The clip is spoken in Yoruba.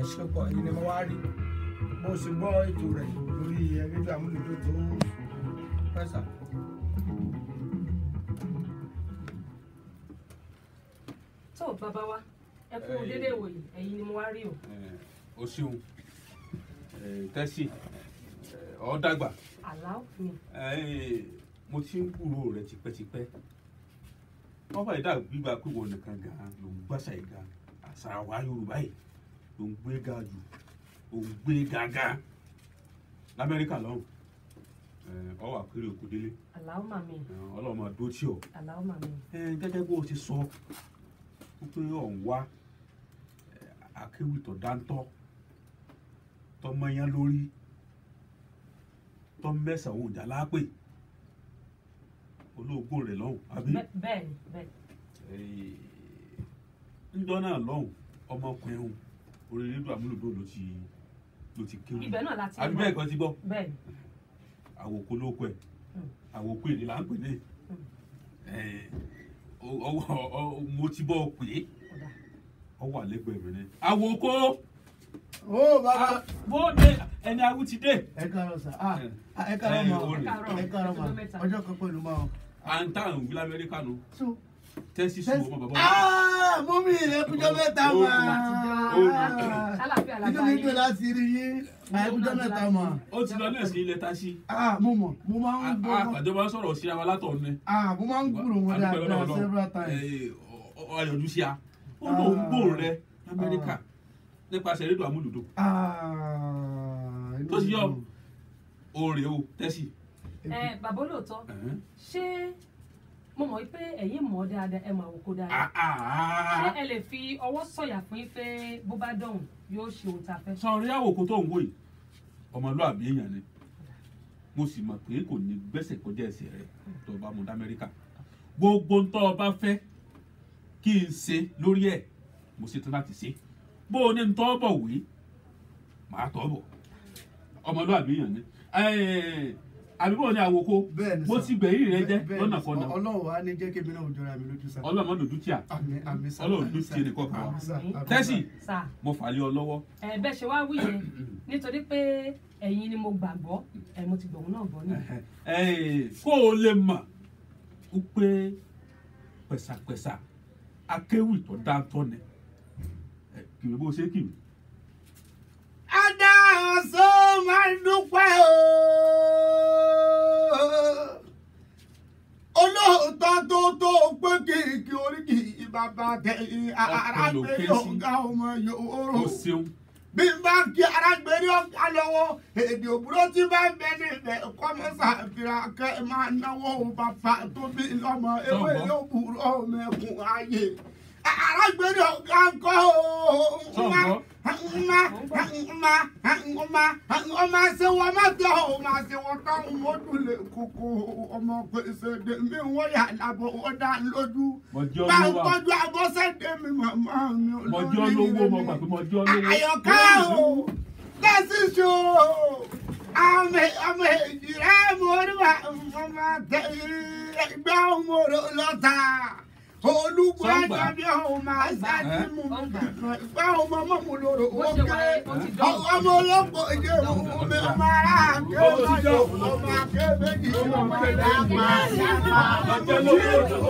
ẹ ṣe pọ̀ èyí ni mo wá rí bó ṣe gbọ́ ètò rẹ̀ lórí rédíò amúlùdó tó pẹ́sà. tó bàbá wa ẹ fún un dédé ìwòyí ẹ̀yin ni mo wá rí o. o ṣeun tẹ́sí ọ̀ dàgbà. aláwọ̀ mi. mo ti ń kúrò rẹ̀ tipẹ́tipẹ́ wọ́n fàyè dàgbà gbígbà pé wọn nìkan gan-an ló ń gbàṣà ìgbà àṣà wa Yorùbá yìí ò ń gbé ga jù ò ń gbé gàgà lamẹ́ríkà lọ́hùn ọ wà kiri òkú délé ọlọ́run máa dó tí ọ gẹ́gẹ́ bó o ti sọ pé ọ̀ ń wá akéwìtọ̀ dáńtọ́ tọmọyán lórí tọmẹsàn òun jà lápè olóògbò rẹ̀ lọ́hùn àbí. bẹ́ẹ̀ni bẹ́ẹ̀ni. ǹjọ́ náà lọ́hùn ọmọkùnrin ọ̀hún orí rédíò àmúlòdó ló ti ló ti kéwì ibẹ̀ náà láti àbí bẹ́ẹ̀ kan ti gbọ́ bẹ́ẹ̀ àwòkó ló kọ ẹ̀ hmm. àwòkó èdè là ń pè ní hmm. ọwọ́ mo ti bọ́ pè é ọwọ́ àlẹ́gbẹ̀ẹ́ mi ni àwòkó. ó bàbá ah, bóde ẹni awú ti dé. ẹ káàárọ̀ sà ah, ẹ káàárọ̀ ma ẹ káàárọ̀ ma ọjọ́ kan pẹ̀lú ma o. à ń tà ń wí lamẹ́ríkà nù tẹ́sí sùn ọmọ bàbá wa. mọ́mí rẹ̀ kújọ́ mẹ́ta máa inú mi dùn láti rí yín àìkújọ́ mẹ́ta mọ̀. ó ti lọ nẹ́ẹ̀sì ilẹ̀ taṣí. mo mọ̀ mo máa ń gbọ́. àjọba sọ̀rọ̀ sí ara látọ̀ ni. mo máa ń gbúrò wọn dáadáa several times. ayọ̀dún sí a ó lọ ń gbòòrò rẹ lamẹ́ríkà nípasẹ̀ rédíò amúlùdó. tó ti yọ òòrè o tẹ́sí. bàbá olóòótọ́ ṣé mo mọ̀ pé ẹ̀yin mọ̀ dáadáa ẹ mọ̀ àwòkọ́ dáadáa ah, ah, ah. ṣé ẹ lè fi ọwọ́ sọ̀yà fún yín pé bó bá dọ̀hùn yóò ṣe ohun tá a fẹ́. sọ̀rọ̀ yà àwòkọ́ tó ń wò yìí ọmọlúàbí èèyàn ni mo sì mọ̀ pé kò ní gbẹ́sẹ̀ kọjá ẹsẹ̀ rẹ̀ tó bá mu d'Amẹ́ríkà gbogbo ń tọ́ ọ bá fẹ́ kí n ṣe lórí ẹ̀ mo ṣe tán láti ṣe bó o ní ń tọ́ bọ̀ wé màá tọ́ bọ̀ ọmọlúàbí èèyàn ni àbíbọ̀ ni àwòkọ mo ti bẹ̀rí rẹ jẹ́ lọ́nà kọ́nà. ọlọ́run á ní jẹ́ kébí náà jọra mi lójú sá. ọlọ́run mọ́nà dúkìá ọlọ́run dúkìá nìkan kan tẹ́sì mo fà lé ọ lọ́wọ́. ẹ bẹ́ẹ̀ ṣe wá wí yẹn nítorí pé ẹ̀yin ni mo gbàgbọ́ ẹ̀ mo ti gbọ̀hún náà gbọ́ ni. kó o lè mọ̀ ó pé pẹ̀sàpẹ̀sà akéwì tó dáńtọ́ ni kìrì bó ṣe kìrì. adá ọ̀sán máa ń bàbá dẹ arágbèrè ọ̀gá ọmọ yòóró. o ṣeun. bí n bá kí arágbèrè ọ̀gá lọ́wọ́ èdè òbúrò tí bá ń bẹ níbẹ̀ kọ́mọ́sà fìràkẹ́ máa náwó bàbá tóbi lọ́mọ ewé yóò burú ọmọ ayé arágbèrè ọ̀gá kọ́ ọ́ ọmọ ọmọ ọmọ ọmọ ṣe wọ́n má tẹ ọmọ ṣe wọ́n káwọn wọ́n dúlé kókó ọmọ pèsè dèmí wọ́n yà lábọ̀ wọ́n dá lójú. bá ń tọ́jú abọ́sẹ̀dé mi màmá mi olórí mi. mọ̀jọ́ lówó mo gbà pé mọ̀jọ́ lówó. àyọ̀ká o tẹ́sí ṣo àmì àmì ìrẹ́ mo rí wa mo máa tẹ̀ ẹgbẹ́ ọmọ rẹ lọ́ta olúgbò àjàbí ọmọ àṣàtì mú mi bá ọmọ ọmọ mo lòrò òkè ọmọ olóko ìdí òmùmù mi ọmọ ará àgbẹ̀ ọmọ àgbẹ̀ méjì ọmọ àgbẹ̀ àgbẹ̀ àgbẹ̀ àgbẹ̀.